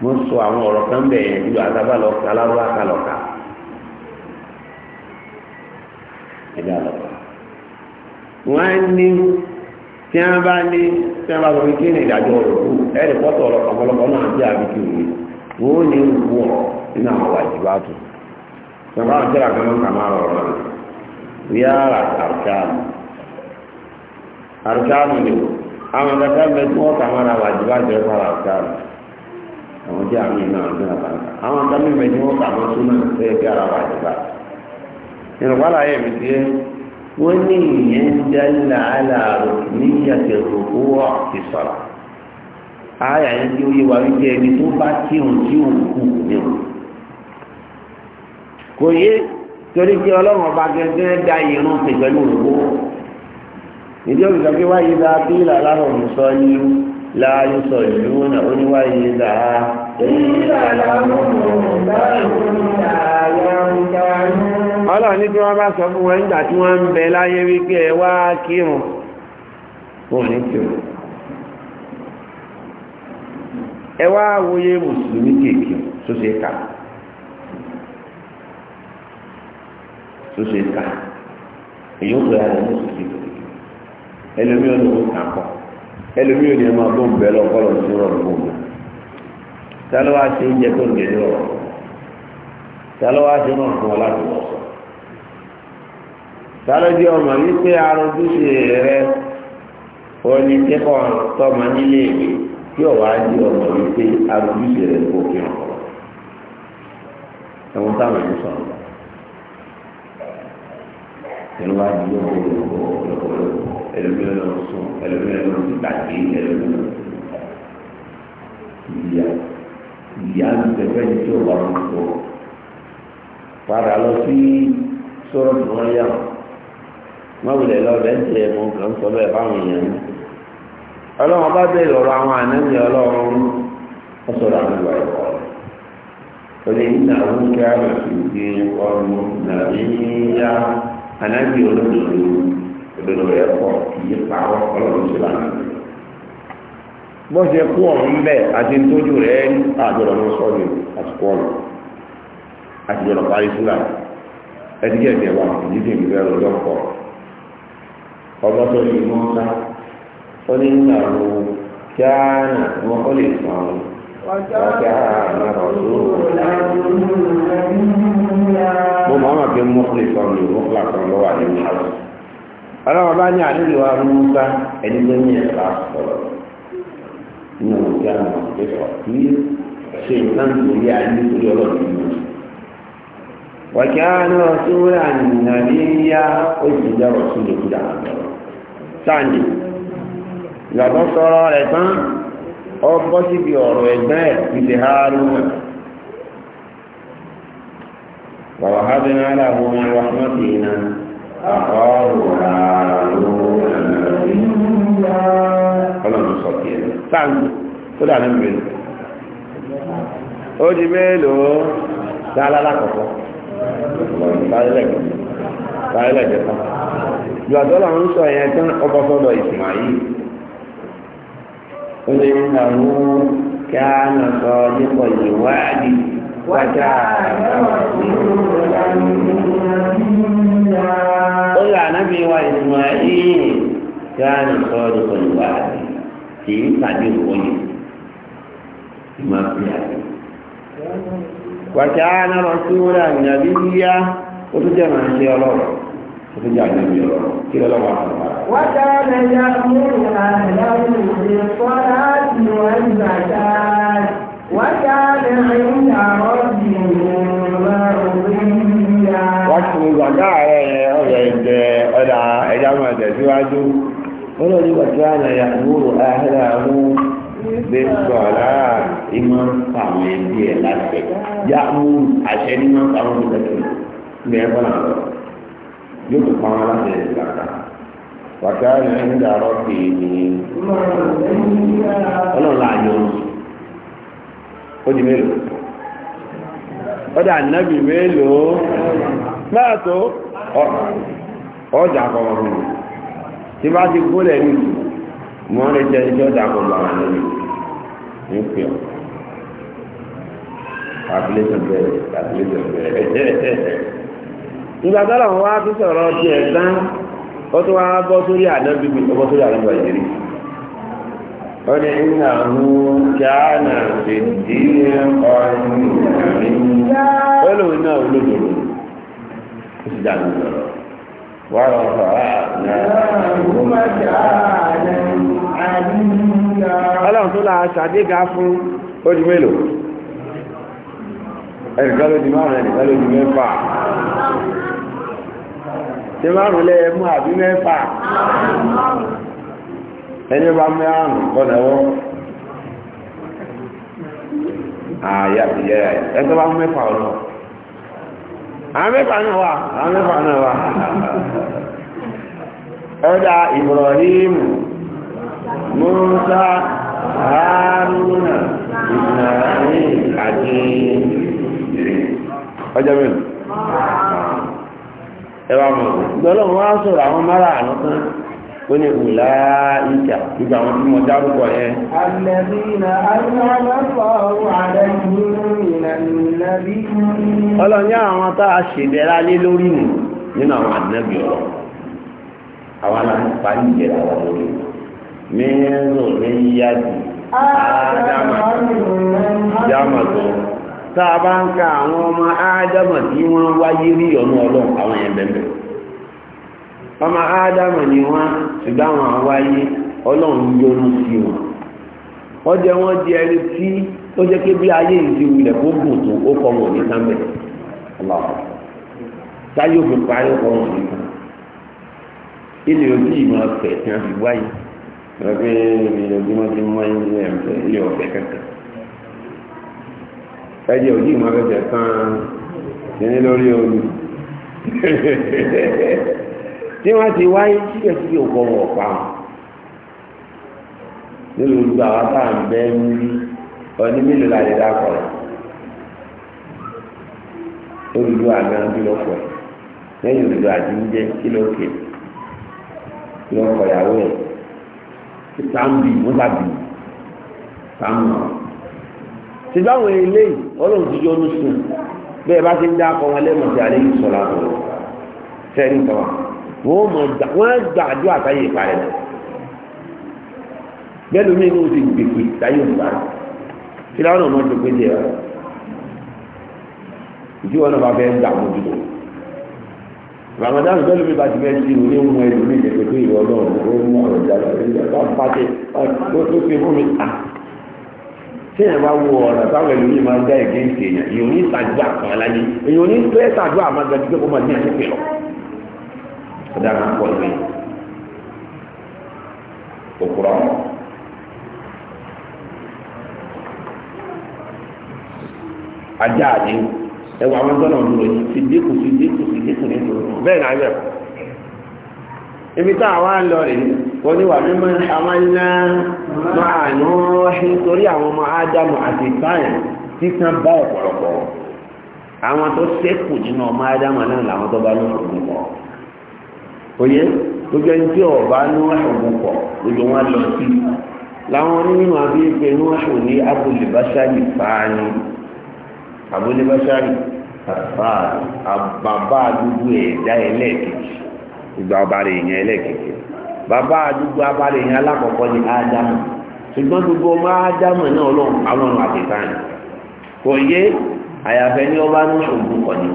mo sọ àwọn kan bẹ́ẹ̀ yẹn ìlú azaba lọ aláwọ aka lọ ká ẹgbẹ alọ wọn á ní tí wọn bá ní tí wọn bá sọ wípé ní ìdájọ́ ni àwọn dada bẹ tí wọn kà wọn ra wàjúwà jẹ fara ọgá rẹ àwọn jẹ àwọn iná ọdún àbáńkà àwọn dada bẹ tí wọn kà wọn súnmọ́ ẹ bí ara wàjúwà ìrùbá láyé mi ti yẹ wọn ní ìyẹn dálà aláàrò níyàtẹ òkú ọtí sọ̀rọ̀ àyà yẹn tí ó yẹ wà wípé ẹni tó bá kírun tí ò kú ní o kò yé torí pé ọlọ́run ọba gẹ́gẹ́ da ìrún pẹ̀lú òkú ìdí òrùka pé wáyé dá bí làlárọ̀ ń sọ ní láàyè sọ ìlú náà ó ní wáyé dá. ọlọ́run ní bí wọ́n bá sọ fún wọn nígbà tí wọ́n ń bẹ láyé wípé ẹ wá kírun wọn ní kírun. ẹ wá wòye mùsùlùmí kéèké tó kà tó kà èyí ó pè á lọ mùsùlùmí kéèké ẹlòmí ò ní òun kà kọ ẹlòmí ò ní ẹ máa bó ń bẹ lọ kọlọ sí rọrùn fún mi tálọ́ wá ṣe oúnjẹ tó ń gẹ̀ lọ tálọ́ wá ṣe náà fún ọ láti wọ̀ sọ tálọ́ jẹ́ ọmọ wípé arojúṣe rẹ oní kíkọ́ tọmọ nílé ìwé tí ọ̀wá jẹ́ ọmọ wípé arojúṣe rẹ kò kí wọn kọ́ ẹ̀wọ̀n táwọn ẹ̀mí sọ̀rọ̀ tẹ̀lé wá jẹ́ ọmọ wípé ọmọ wípé ọmọ ẹlòmíràn lọ sùn ẹlòmíràn lọ sí gbàgbé ẹlòmíràn lọ sí ìyá ìyá gbẹgbẹ ní tí o wà wọn kọ padà lọ sí sọ̀rọ̀ tí wọn yà wọn wulẹ̀ lọ bẹ́ẹ̀ tẹ mọ kàn sọ bẹ́ẹ̀ báwọn èèyàn ní ọlọ́run bá bẹ̀rẹ̀ ọ̀rọ̀ àwọn ànábì ọlọ́run ó sọ̀rọ̀ àwọn ìwà ẹ̀kọ́ ọ̀rẹ́ nínú àwọn kí á lọ sí nàbí yá ànábì olódodo òdodo rẹ̀ pọ̀ kìí parọ́ ọlọ́run ṣe lánàá bó ṣe kú ọ̀hún bẹ́ẹ̀ àti tójú rẹ̀ àjọ̀rọ̀ ló sọ ní àsìkò ọ̀nà àtijọ́rọ̀ parí fúlàní ẹ̀dígẹ̀ ẹ̀dẹ̀ wà ìdíje ìgbẹ́ ọlọ́jọ́ pọ̀ ọgbọ́n tó ní ìmọ̀ ńlá ó ní nígbà wo kí á nà wọn kọ́ lè sàn án wọ́n á nà rọ̀ lóòrùn. mo máa ma fi mọ́kùnrin sọ̀rọ̀ lóòrùn fúlàní lọ́wọ́ àdéhùn àti ọlọ́wọ́ bá ní àdúgbò wa mú bá ẹni tó ní ẹ̀ka sọ̀rọ̀ nínú òkè àwọn ìgbésọ̀ kí ṣe nǹkan torí àdúgbò torí ọlọ́run nínú. wàkíánù ọ̀túnrà nàìjíríà ó sì jẹ́ ọ̀tún ọ ọ̀rọ̀ àrò ọlọ́run sọ kí ẹ sáàmù tó dà nínú mélòó ó di mélòó dáadáa kọ̀kọ́ láyélẹ̀kẹ̀ tán ìgbàdọ́ làwọn sọ ẹ̀yẹ tán ọkọ̀ sọ́dọ̀ ìsìnmáyé ó lè ní àwọn kí a nà sọ nípa ìwádìí ó yà ànábì wa ìtumọ̀ yìí gánà sọ́ọ́dún pẹ̀lú wa rẹ̀ kì í pàdé òwò yìí ìmọ̀ bí i àti. wàkàánà rọ̀síwúrà nàbí yíyá ó tún jẹ́ màá ṣe ọlọ́rọ̀ ó tún jẹ́ ànábì ọlọ́rọ̀ kí lọ́lọ́wọ́ àwọn ọ̀rọ̀. وكان يأمر أهله بالصلاة والزكاة وكان عند ربه مرضيا máa tẹ̀síwájú ó lọ ní wàtí àná ya wúrò ahẹ́rẹ́ àwọn bẹ́ẹ̀ sọ̀rọ̀ ìmọ̀ ń pa àwọn ẹbí ẹ̀ láti yá mú àṣẹ ní máa ń pa àwọn ọmọ ìgbẹ́kẹ̀ ní ẹ̀kọ́ náà lọ yóò tó pa láti ẹ̀ láta wàtí àná ń darọ́ pé ní ọlọ́run àyọ̀ ó di mélòó ó dà nábì mélòó náà tó ọ̀rọ̀. ọjà kọ̀ọ̀rọ̀ fún mi tí bá ti gbólẹ̀ ní ọjà àwọn ní pè calculation bẹ̀rẹ̀ calculation bẹ̀rẹ̀ ìgbà tó làwọn wá tún sọ̀rọ̀ tiẹ̀ tán ó tún wá bọ́ sórí ànábì bọ́ sórí ànábì àyèrí ó ní ìnà ọ̀hún kíánà fèdí ọ̀hún ó lóun náà ó sì ورفعنا لهم مكانا عليا ọlọ́run tó láà ṣàdéga fún ojú mélòó ẹ̀rìnká lójú márùn ẹ̀rìnká lójú mẹ́fà tí márùn lẹ́ẹ̀ mú àbí mẹ́fà ẹni bá mẹ́rùn kọ́nàwọ́ ààyà ìyẹ́ ẹ̀ tó bá mẹ́fà ọlọ́run àmẹ́fà náà wà àmẹ́fà náà wà ọ̀dá Ibrahim Musa Haruna Ismail àti ọjọ́ mẹ́rin ẹwà mọ̀ ìgbọ́lọ́wọ́ wá àwọn mara àlọ́tán ó ní ìlà ìjà gbogbo àwọn tí mo dárúkọ yẹn. àlẹ́bíná aláwọ̀ ọlọ́ni àwọn tá a ṣèbẹ̀rẹ̀ alé lórí nù nínú àwọn ànábì ọ̀rọ̀ àwọn aláǹpa ń jẹ̀rẹ̀ àwọn lórí mẹ́rọ mẹ́yàdì ádámà jámàtó tá a bá ń ka àwọn ọmọ ádámà tí wọ́n wáyé rí ọ̀nà ọlọ́run àwọn yẹn bẹ̀rẹ̀ ọmọ ádámù ni wọ́n ọlọrun sí wọn wọ́n jẹ́ wọ́n di ẹni tí ó jẹ́ pé bí ayé ìdí kó gùn tó ó wọn ní sáńbẹ̀ táyé òfin parí ó wọn ní ilé tí wọ́n fi wáyé wọ́n pé ilé òbí wọn ti mọ ilé ọ̀fẹ́ ilé ọ̀fẹ́ kẹ̀kẹ́ ẹ̀jẹ̀ òbí tí wọ́n ti wáyé síbẹ̀síbẹ̀ ògbọ̀wọ̀ pa wọn nílùú gbogbo àwọn tá à ń bẹ́ ń rí ọdún mélòó la lè dákọ̀ rẹ̀ olùdó àgbà bí lọ́pọ̀ ẹ̀ lẹ́yìn olùdó àti ń jẹ́ kílókè lọ́pọ̀ ìyàwó ẹ̀ sáńbì sáńbì eléyìí ti sùn bá ti wọ́n mọ̀ gbà wọ́n gbàdú àtàyè ìparẹ́ lọ bẹ́ẹ̀ lómi inú ti gbèpè táyé ìparẹ́ tí láwọn ọmọ tó péjẹ rẹ ìdí wọn náà bá fẹ́ gbà mójútó ramadan bẹ́ẹ̀ lómi bá ti fẹ́ sí ìwé mú ẹ lómi ìdẹ̀pẹ̀ pé ìwọ náà ó mú ọ̀rọ̀ ìjà lọ ìjà bá pàṣẹ ó tó fi fún mi à tí èèyàn bá wo ọ̀rọ̀ táwọn ẹlòmíì máa ń dá ẹ̀gẹ́ ìṣèyàn èèyàn ò ní ṣàdúrà kan láyé èèyàn ò ní pẹ́ ṣàdúrà máa gbàdúgbò kó máa dín àṣẹ lọ. ọ̀daràn pọ̀ lóye òkúrọ̀ ajá àdé ẹwà àwọn tó náà lóye fi dínkù fi dínkù fi dínkù ní ìlú bẹ́ẹ̀ náà yẹ ibi tá lọ rè wọ́n ní máa torí àwọn ọmọ ádámù àti bá ọ̀pọ̀lọpọ̀ àwọn tó ọmọ ádámù náà làwọn tó bá oyè gbogbo ẹni tí ọba ní wàhùn pọ̀ gbogbo wọn lọ sí làwọn onímọ̀ àbí pé ní wàhùn ní abúlébáṣárì fàání abúlébáṣárì fàání bàbá àdúgbò ẹ̀dá ẹlẹ́ẹ̀kejì ìgbà ọba rẹ̀ yẹn ẹlẹ́ẹ̀kejì bàbá àdúgbò ọba rẹ̀ yẹn alákọ̀ọ́kọ́ ní ádámù ṣùgbọ́n gbogbo ọmọ ádámù náà ọlọ́run àwọn ọ̀run àbẹ̀tàn oyè àyàfẹ́ ní ọba ní ṣòwò kọ̀ ní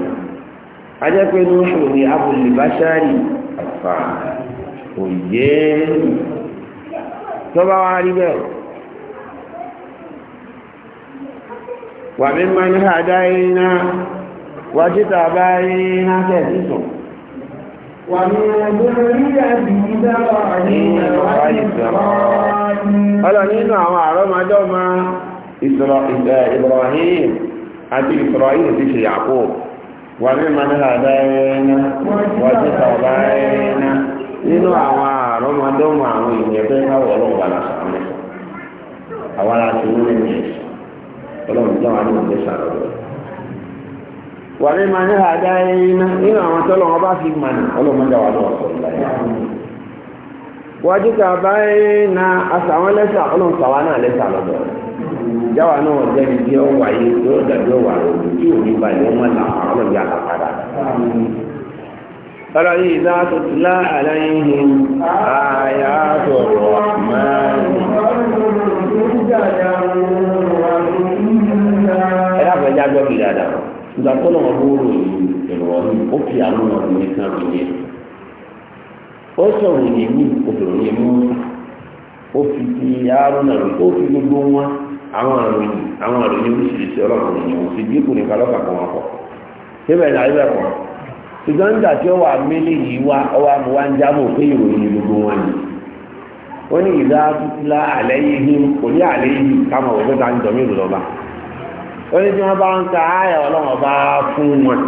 ajẹ́pẹ́ ní ṣòwò ní abúlébáṣárì àfà òye tó bá wá rí bẹ́ẹ̀ wà mí máa ní àdá iná wà títà bá iná tẹ̀sí sùn wà mí ọlọ́ nínú àwọn àrọ́mọdọ́ ma Ibrahim àti Ibrahim ti ṣe Yakub وممن هدينا واجتبينا nínú àwọn àrọ́mọdọ́mọ àwọn èèyàn fẹ́ káwọ̀ ọlọ́run bá lásán àmì àwọn aláṣẹ wọn nínú ẹ̀sìn ọlọ́run tó wà nínú ẹ̀sìn àrọ́dọ̀ wà ní ma ní àdá iná nínú àwọn tọ́lọ̀ wọn bá fi mà ọlọ́mọdé wà lọ́wọ́ sọ̀rọ̀ láyé wájú kàbáyé na àṣà wọn lẹ́sà ọlọ́run tàwa jáwa náà jẹ́bi tí ó wáyé tí ó dàbí ó wà lòdì tí ò ní balẹ̀ ó mọ̀ náà àwọn ọ̀dọ́ àgbà padà. ọ̀rọ̀ yìí náà tó ti lá àlàyéhìn àyà sọ̀rọ̀ mẹ́rin. ẹ gbọ́ ìgbà tó lọ́wọ́ ìrọ̀rùn ó fi àwọn yẹn ó sọ̀rọ̀ mú ó fi gbogbo wọn. àwọn àròyìn ndị àròyìn oríṣiríṣi ọlọ́run ènìyàn ò sì bí kù nìkan lọ́kàn kan wọn kọ̀ síbẹ̀ ní àyẹ̀wò ẹ̀kọ́ ṣùgbọ́n nígbà tí ó wà mílí yìí wá ọwọ́ àmú wá ń pé ìròyìn gbogbo wọn ni ó ní ìdá la àlẹ́ ní kò ní àlẹ́ káwọn òfin ta ń jọmí ìlú ka ayọ̀ ọlọ́run ọba fún wọn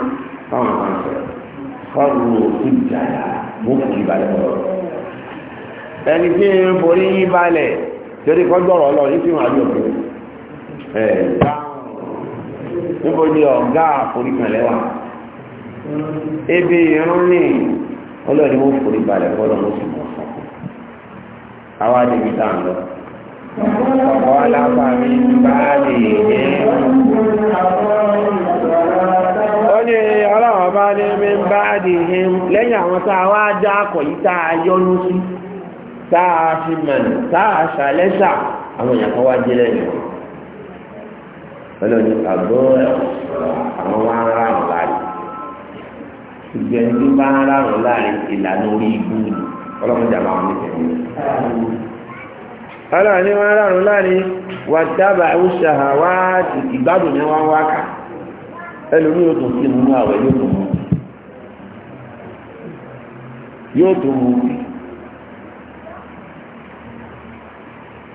káwọn kan sọ fọ́ọ̀rù òfin torí kọjọ́rọ̀ ọlọ́run ní fíwọn àjọ pé ẹ̀ dáhùn níbo ni ọ̀gá àforíkanlẹ̀ wà ebi irun ní ọlọ́run ni forí balẹ̀ fọ́lọ́ sì mọ̀ àwa tá à ń lọ. mi bá lè táà fi mànà táà ṣàlẹ́ṣà àwọn èèyàn kan wá jẹ́ lẹ́yìn wọn lọ́dún àgbọ̀ àwọn wá ń rárùn láàrin ṣùgbọ́n ẹni bá ń rárùn láàrin ìlànà orí ibú ni ọlọ́run jàmbá wọn nífẹ̀ẹ́ mi. ọlọ́run láàrin wà wá ìgbádùn wá kà yóò tún sí yóò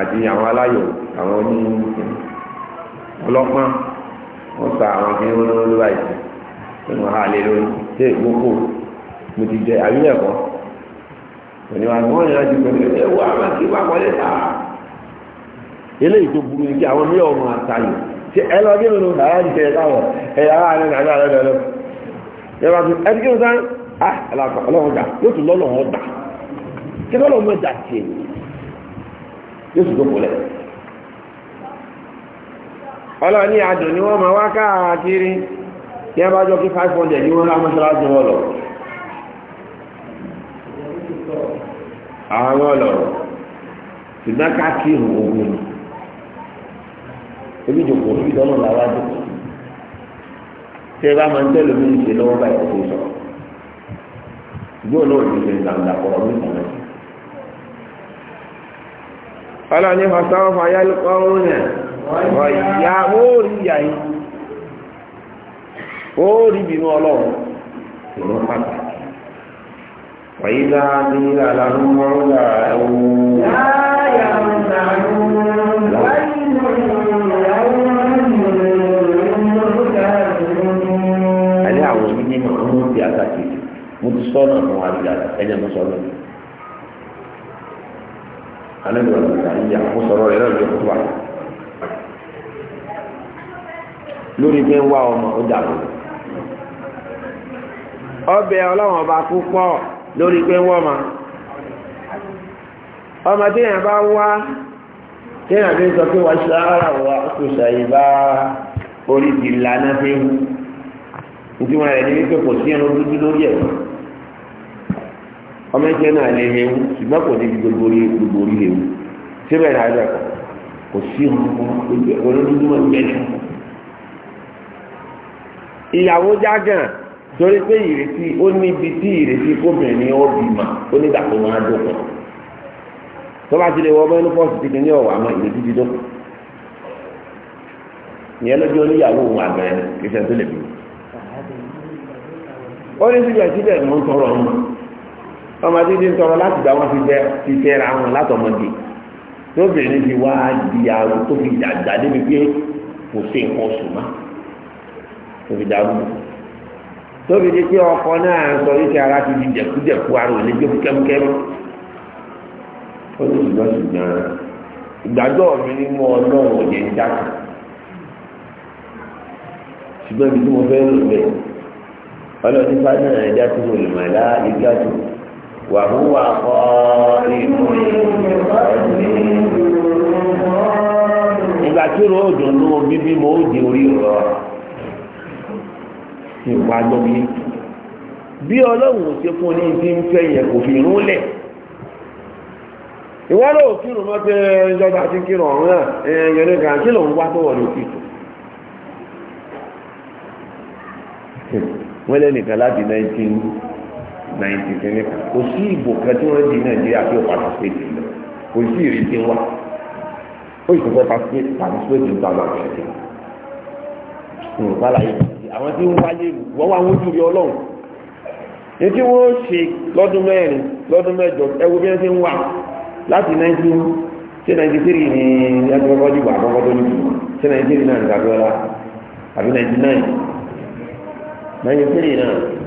àti àwọn aláyọ̀ àwọn oní ọlọ́pàá wọ́n sa àwọn kí wọ́n lọ́wọ́ lọ́wọ́ àìsàn tí wọ́n há lé lórí tí èkó kò mo ti jẹ àbí ẹ̀kọ́ òní wa wọ́n yẹn láti pẹ̀lú ẹ wá máa kí wá wọlé ta eléyìí tó burú ni kí àwọn mí ọmọ àtàyè tí ẹ lọ gé lónìí àyà ti tẹ̀ táwọn ẹ yàrá rẹ nàá nàá lọ́dọ̀ lọ ẹ bá tún ẹ ti kí wọn sáà ah, ọlọ́run gbà yóò tún lọ́lọ́run ọ̀dà kí lọ́lọ́run mẹ́ta tiẹ̀ yóò sì gbogbo lẹ̀ ọlọ́ni àdùn ni wọ́n máa wá káàkiri tí a bá jọ kí 500 ní wọ́n rá mọ́sálásí wọ́n lọ àwọn ọlọ́rọ̀ ṣùgbọ́n káàkiri ogun ni oníjòkó onídọ́nà làwọn àjòkó tí ẹ bá máa ń tẹ́lẹ̀ omi ìṣe lọ́wọ́ báyìí kò tó sọ ìgbóhùn náà ò ní ṣe ìdàgbàpọ̀ ọdún ìgbà ọlọ́ni ọ̀sán fàyà lọ́rùn rẹ̀ ọ̀yà ó rí ìyà yìí ó rí ìbínú ọlọ́run ìlú pàtàkì ọ̀yíká ní ìlànà mọ́rúnlá ẹ̀wọ̀n láyà ẹ̀lẹ́ àwọn onímọ̀ ọmọ bí àtàkì mo ti sọ́nà àwọn àgbà ẹ̀jẹ̀ mo sọ lọ́nà anẹ́gbà ìyá ó sọ̀rọ̀ rẹ̀ lọ́jọ́ tó wà lórí pé ń wá ọmọ ó dàbò ọbẹ̀ ọlọ́wọ̀n ọba púpọ̀ lórí pé ń wọ́ ma ọmọ tí èèyàn bá wá tí èèyàn fi sọ pé wọ́n ṣe ara wà kò ṣàyè bá orí ìlànà fi ń tí wọ́n rẹ̀ ní wípé kò sí ẹnu dúdú lórí ẹ̀wọ̀n ọmọ ẹ̀jẹ̀ náà lè hewu ṣùgbọ́n kò ní gbogbo orí gbogbo orí hewu síbẹ̀ náà yẹ kọ́ kò sí olódúdú mọ̀ níbẹ̀ ní. ìyàwó jágàn torí pé ìrètí ó níbi tí ìrètí kóbìnrin ó bímọ ó nígbà tó máa dókun tó bá ti lè wọ ọmọ inú pọ́ọ̀sì ti ní ọ̀wà àmọ́ ìrètí ti dókun ìyẹn lójú oníyàwó òun àgbẹ̀rẹ̀ kìí ṣe tó lè bí. ó ní síbẹ̀ síbẹ̀ mọ́ tọrọ ọmọ ọmọdé ti ń tọrọ láti gbà wọn ti tẹ́ra wọn látọmọdé lóbìnrin ti wá di àrùn tó fi dàgbà débi pé kò sí nǹkan oṣù mọ́ tó fi dàrú tóbi di pé ọkọ náà sọ yìí ti ara ti di jẹkújẹkú ara òní gbé kẹmkẹm ó ní ìgbà ṣùgbọ́n ìgbàjọ́ mi ní mú ọlọ́run òye ń dákà ṣùgbọ́n ibi tí mo fẹ́ lò bẹ́ẹ̀ ọlọ́run ní ẹ̀dá tí mo lè mọ̀ ẹ̀dá ìgbà tó. وهو قائم ìgbà tí ro dùnú omi bí mo di orí rọ ìwà lómi bí ọlọ́run ò ṣe fún ní ti ń fẹ́ yẹn kò fi rún lẹ̀ ìwọ́n lò mọ́ pé ìjọba ti kírun ọ̀run náà ẹ̀ẹ́dẹ̀ẹ́dẹ́ kan kí 19 náìtì kìíní kò sí ìbò kan tí wọ́n di nàìjíríà tí ó participate lọ kò sí ìrètí wa ó sì fẹ́ participate ní tàbí àwọn ẹ̀sìn nǹkan láyé àwọn tí ń wáyé wọ́n wá wọ́n júwe ọlọ́run ní tí wọ́n ṣe lọ́dún mẹ́rin lọ́dún mẹ́jọ ẹwọ́ bí wọ́n ti ń wà láti 19 ṣé 93 ni ẹgbẹ́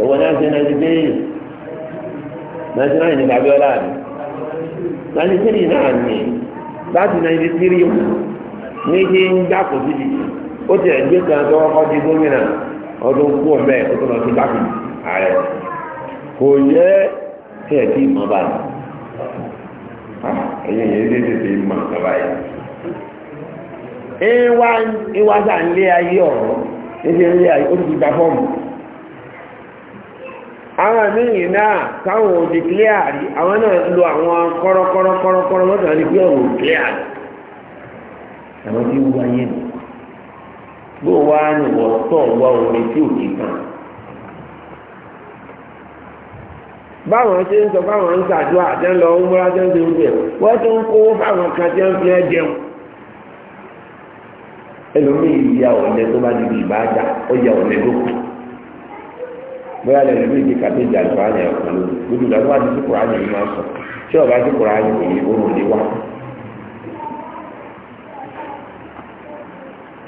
ọkọ̀ dìbò náìtì náà ní abiola ni náìtì tírì náà ní láti náìtì tírì ní kí ó ti kan tó wọ́pọ̀ di gómìnà ọdún kú ọ̀bẹ ó tó lọ sí bákì ààrẹ kò yẹ kí ẹ̀ tí ì mọ́ báyìí ẹ̀yìn yẹn dé tètè mọ̀ nǹkan báyìí. ìwà ìwà sàn lé ayé ọ̀rọ̀ lé àwọn míì náà táwọn òdì kílíàrí àwọn náà lo àwọn kọ́rọ́kọ́rọ́kọ́rọ́ mọ́tò àti pé ọ̀rọ̀ kílíàrí àwọn tí ń wáyé nù bó wá ní wọ́tọ̀ wá orin tí ò kí kan. báwọn ṣe ń sọ báwọn ń lọ ń múra wọ́n ń kan fi bóyá lẹ́nu bí ìdíkà tí ìjà ìfọ̀ àyàn ẹ̀kọ́ ló gbódù lọ́dún wá ti sí kùrọ̀ yìí máa sọ tí ọba sí kùrọ̀ yìí òun ní wá.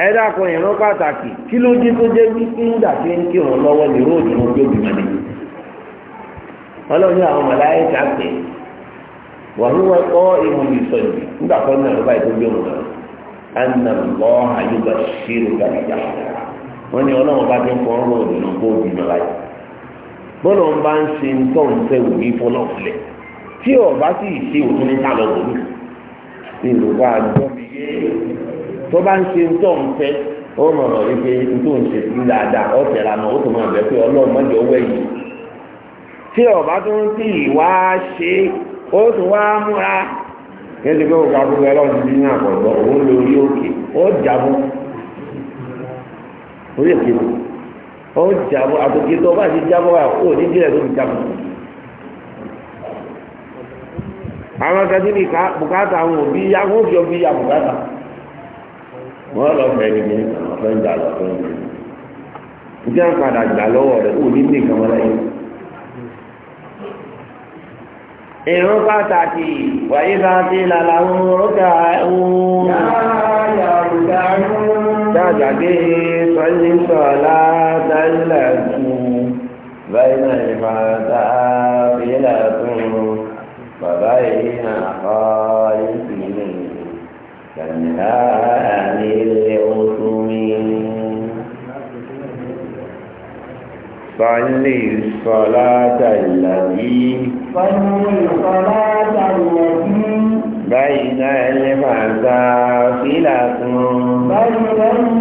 ẹ dákun ìran pàtàkì kí ló dé tó bí ń kírun ní róòdù ní ojú òbí àwọn ní nígbà wọn ànà lọ́ àyùbá gàdìjà wọn ni bọ́lá ń bá ń ṣe ń tọ́ ń tẹ òwe fọlọ́ filẹ̀ tí ọba sì ṣe òtún ní ta lọ́wọ́ mi ní ìlúkọ àjọ mi yé tó bá ń ṣe ń tọ́ ń tẹ ó mọ̀ ọ́ wípé n tó ń ṣe sí dáadáa ó tẹ̀ra mọ́ ó tó máa bẹ̀ pé ọlọ́run mọ́jọ owó ẹ̀yìn tí ọba tó ń tì í wá ṣe ó tún wá múra kí ẹ ti gbé òkú abúlé ọlọ́run ti ní àkọ́gbọ́ òun lórí òkè ó jábọ́ orí ó jábọ́ àtòkè tó bá ti jábọ́ wa ó ní díẹ̀ tó ti jábọ́. àwọn akadé ní bùkátà àwọn òbí yá wọ́n fi òbí yá bùkátà wọ́n lọ fẹ́ ní kíní kan fẹ́ ń gbà lọ fẹ́ ń gbà lọ. ìdí àwọn padà gbà lọ́wọ́ rẹ̀ ó ní nìkan wọn láyé. ìrún pàtàkì wáyé bá ti lálá wọn rọ́kà ẹ̀hún. yáa yàrá ìdáhùn. dáàjà dé. صل صلاة التي بين المسافلة وبين خالفه تنهى عن الأثم صل الصلاة التي صل الصلاة التي بين المسافلة بين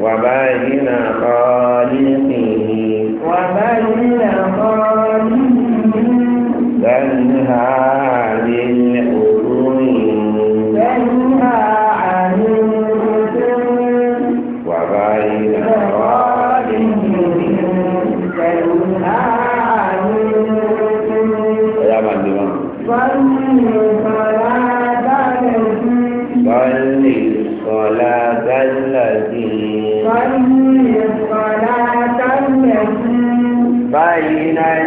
وبين خالقه وبين خالقه تنهى عن الحضور تنهى عن الحضور وبين خالقه تنهى عن الحضور بيننا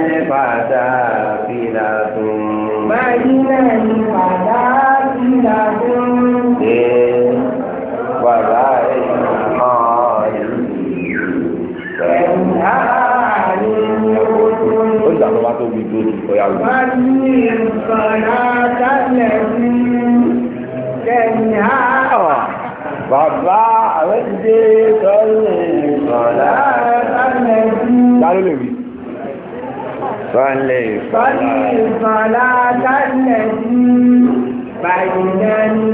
صلي صلاه التي بين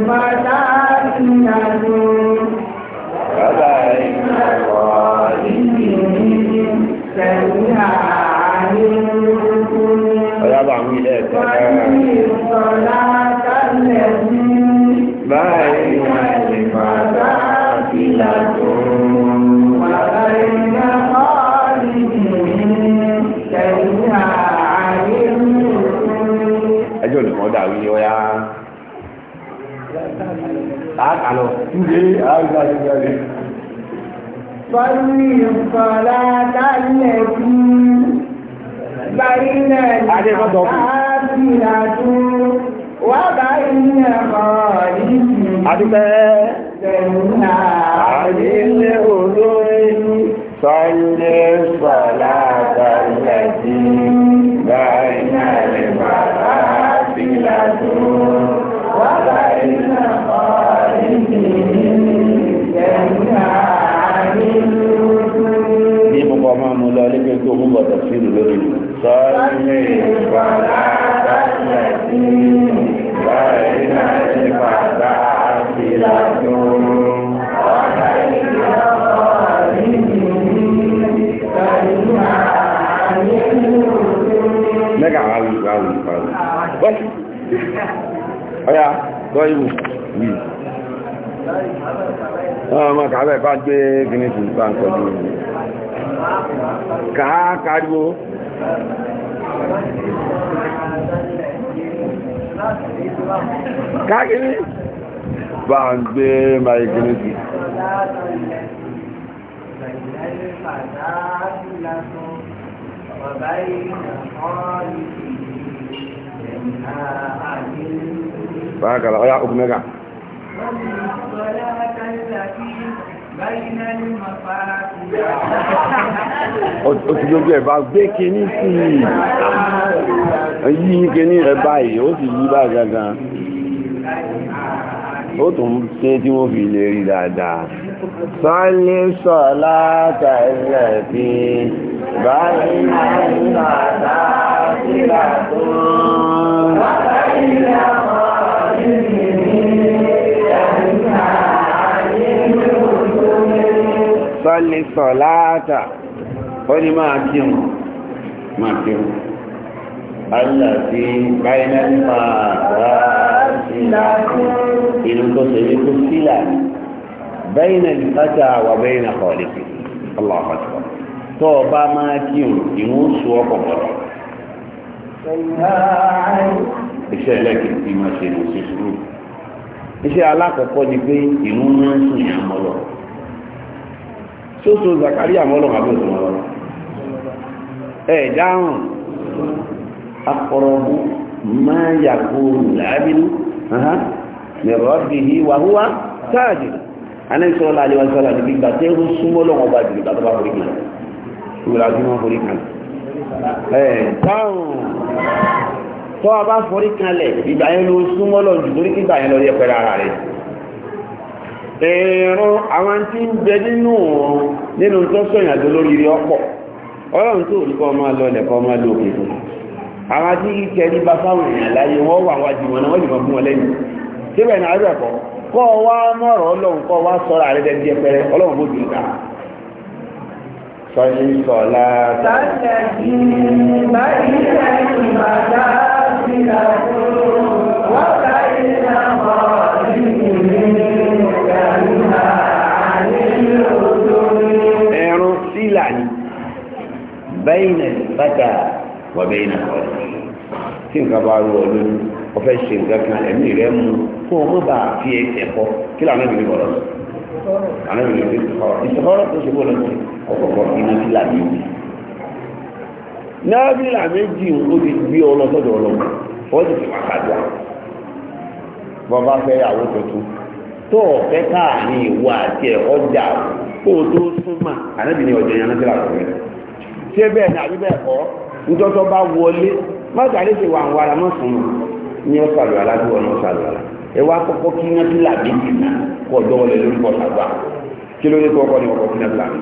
lọ. Ǹjẹ́ àgbà ti gbàgbé? Fọ́lú ìfọ̀lá dálẹ̀ bí Bàrínà Àbílà tó wà bàrínà kọ̀ọ̀lì. Adúpẹ́. Bẹ̀rùnà àdílé olórin. Fọ́lú ìfọ̀lá dálẹ̀ bí. lórí sọ́ọ́lì ìfọ̀lá àtàlẹ̀ sí láì náà àti ìlàjọ́rùn. Mẹ́gà wà lù wà lù wà lù. Bọ́sì. Ọya, gọ́ ìwù. Yìí. Ọmọ kàábẹ̀ bá gbé gínísì bá ń kọjú. Kàá kàríwó káàkiri bá ń gbé maikini sí báyìí kàlá ọ̀yá òkú mẹ́ka ó ti lójú ẹ̀bá gbé kíní sí i yí kíní ẹ̀bá yìí ó sì yí báyìí gangan ó tún ṣe tí wọ́n fi lè rí dáadáa sọ́lé sọ́lá tàílẹ̀ fi báyìí náà ń bàtà sílà tó ń bàtà ìlànà sọ́lé sọ̀láàtà ó ní máa kí wọn máa kí wọn alàbí báyìí nípa àrá ìlú tó ṣe ní kó sílà ní báyìí náà ní pátá wà báyìí náà kọ̀ lè fi Allahu Akbar tó o bá máa kí wọn ìmú sọ ọkọ̀ bọ̀dọ̀ iṣẹ́ máa ṣe lò sí sùúrù iṣẹ́ alákọ̀ọ́kọ́ ni pé ìmú máa sùn yàn lọ tó so zakari àmọ́lọ̀ àbúrò ẹ̀ dáhùn akọrọ̀bù máa yàkó láàbínú mẹ̀rọ̀bìhì wàhúwá sáàjì anẹ́sọ́lá àlewàsọ́lá ní gbígbà tẹ́ ó súnmọ́ lọ́wọ́ bá jùlọ tàbí forí kan ìwòlájúmọ́ forí kan ẹ̀ dáhùn tọ́ a bá forí kan ẹ̀rọ àwọn tí ń bẹ nínú ọ̀run nínú tó sọ̀yìn àjò lórí rí ọ̀pọ̀ ọlọ́run tó ní kọ́ máa lọ lẹ̀kọ́ máa lò òkè fún àwọn tí kẹ́ ní bá fáwọn èèyàn láyé wọ́n wà wájú wọn wọ́n yìnbọn fún wọn lẹ́yìn síbẹ̀ ní àárẹ̀ kọ́ kọ́ wá mọ̀rọ̀ ọlọ́run kọ́ wá sọ́ra rẹ̀ dẹ́ni ẹpẹrẹ ọlọ́run bó dùn ká sọ́yìn sọ̀lá sọ́yìn sọ̀lá bẹ́yìn bàtà wà bẹ́yìn àwọn tí nǹkan bá rú ọ lójú ọfẹ́ ṣe nǹkan kan ẹ̀mí rẹ mú kó o mọ̀ bá fi ẹ̀kọ́ kí làwọn ẹ̀mí bọ̀ lọ́sọ̀ àwọn ẹ̀mí rẹ sọ̀rọ̀ ìṣòro tó ṣe bọ̀ lọ́sọ̀ ọ̀kọ̀ọ̀kọ̀ iná sí làmì méjì náà bí làmì méjì ó ti gbé ọ lọ sọ́dọ̀ ọlọ́mọ ó sì fi wàá kàdúrà bọ́bá fẹ́ yàwó tuntun tó ọ̀fẹ́ káàrin ìwọ àti ẹ̀kọ́ jà kó o tó súnmọ́ àná ṣé bẹ́ẹ̀ ni àbí bẹ́ẹ̀ kọ́ nítọ́tọ́ bá wọlé mọ́tà wà ń wara mọ́ sùn ní ọ̀sàlù aláàbí wọn ọ̀sàlù alá ẹ wá kọ́kọ́ kí iná tí làbí nìyà kọ́ dọ́wọ́lẹ̀ lórúkọ sàgbà kí ló kọ́ ní kí làbí.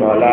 sọlá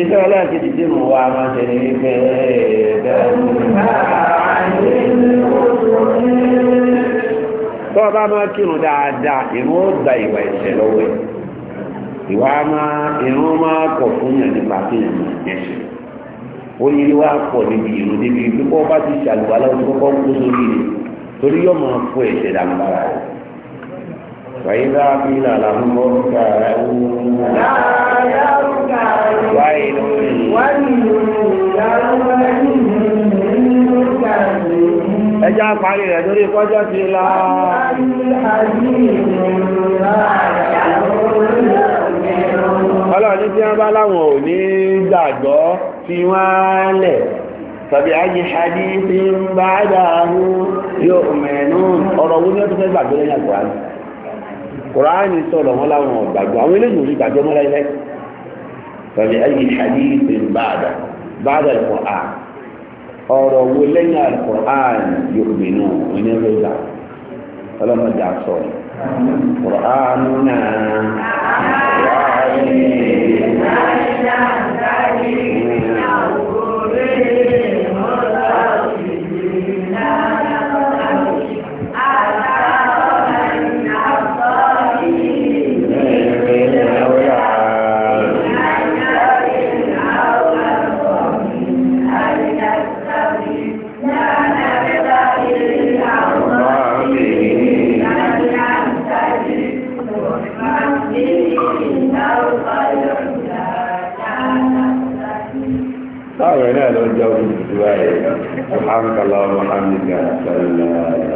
iṣẹ́ ọlọ́ọ̀kejì tí mo wá máa ṣe ní wípé tó o bá máa kírun dáadáa ìrún ó gba ìwà ẹ̀ṣẹ̀ lọ́wọ́ ẹ̀ ìwà máa ìrún máa kọ̀ fún yàn nípa kí yàn máa ẹ̀ṣẹ̀ ó ní wá pọ̀ níbi ìrún débi pípọ́ bá ti ṣàlùwà láwọn tó kọ́kọ́ kó sórí rẹ̀ torí yóò máa fọ ẹ̀ṣẹ̀ dàgbára rẹ̀. وإذا قيل لهم اركعوا لا يركعون ويل ẹjá parí rẹ̀ lórí kọjọ́ ti la ọlọ́ọ̀ni tí wọ́n bá láwọn ò ní gbàgbọ́ fi wọ́n lẹ̀ tàbí ayé hadith ń bá dáhùn yóò mẹ́nu ọ̀rọ̀ owó ní ọdún fẹ́ gbàgbọ́ lẹ́yìn àgbà kùránì sọ̀rọ̀ wọn láwọn ọ̀gbàgbọ́ àwọn eléyìí orí gbàgbọ́ mọ́ láyé tọ́lé ayé hadith bàdà bàdà al-Qur'an ọ̀rọ̀ wo lẹ́yìn al-Qur'an yóò gbénu onírúurú ọlọ́mọdé àsọ̀rọ̀ kùránù náà kùránù náà. subhanaka la hamdika